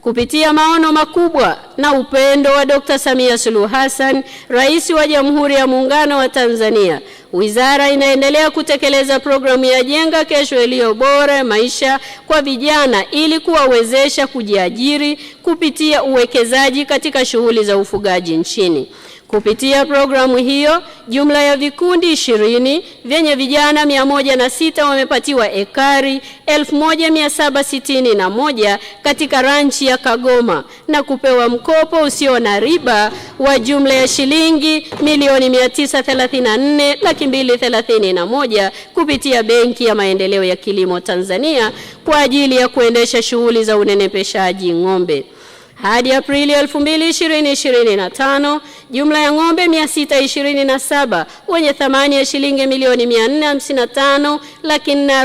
Kupitia maono makubwa na upendo wa Dr. Samia Suluhu Hassan, Rais wa Jamhuri ya Muungano wa Tanzania, wizara inaendelea kutekeleza programu ya Jenga Kesho Iliyo Bora ya Maisha kwa vijana ili kuwawezesha kujiajiri kupitia uwekezaji katika shughuli za ufugaji nchini. Kupitia programu hiyo Jumla ya vikundi ishirini vyenye vijana sita wamepatiwa ekari moja katika ranchi ya Kagoma na kupewa mkopo usio na riba wa jumla ya shilingi milioni 934 laki mbili thelathini na moja kupitia Benki ya Maendeleo ya Kilimo Tanzania kwa ajili ya kuendesha shughuli za unenepeshaji ng'ombe. Hadi Aprili 2025 jumla ya ng'ombe 627 wenye thamani ya shilingi milioni 455 laki nne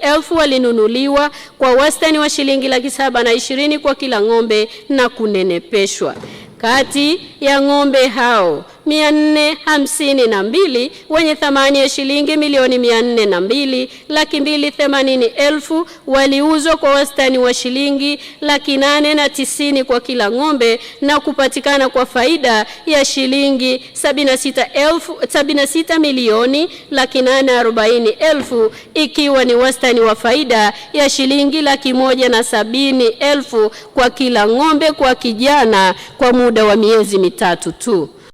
elfu walinunuliwa kwa wastani wa shilingi laki saba na ishirini kwa kila ng'ombe na kunenepeshwa. Kati ya ng'ombe hao mbili wenye thamani ya shilingi milioni mbili laki mbili themanini elfu waliuzwa kwa wastani wa shilingi laki nane na tisini kwa kila ng'ombe na kupatikana kwa faida ya shilingi 76 elfu sita milioni laki nane arobaini elfu ikiwa ni wastani wa faida ya shilingi laki moja na sabini elfu kwa kila ng'ombe kwa kijana kwa muda wa miezi mitatu tu.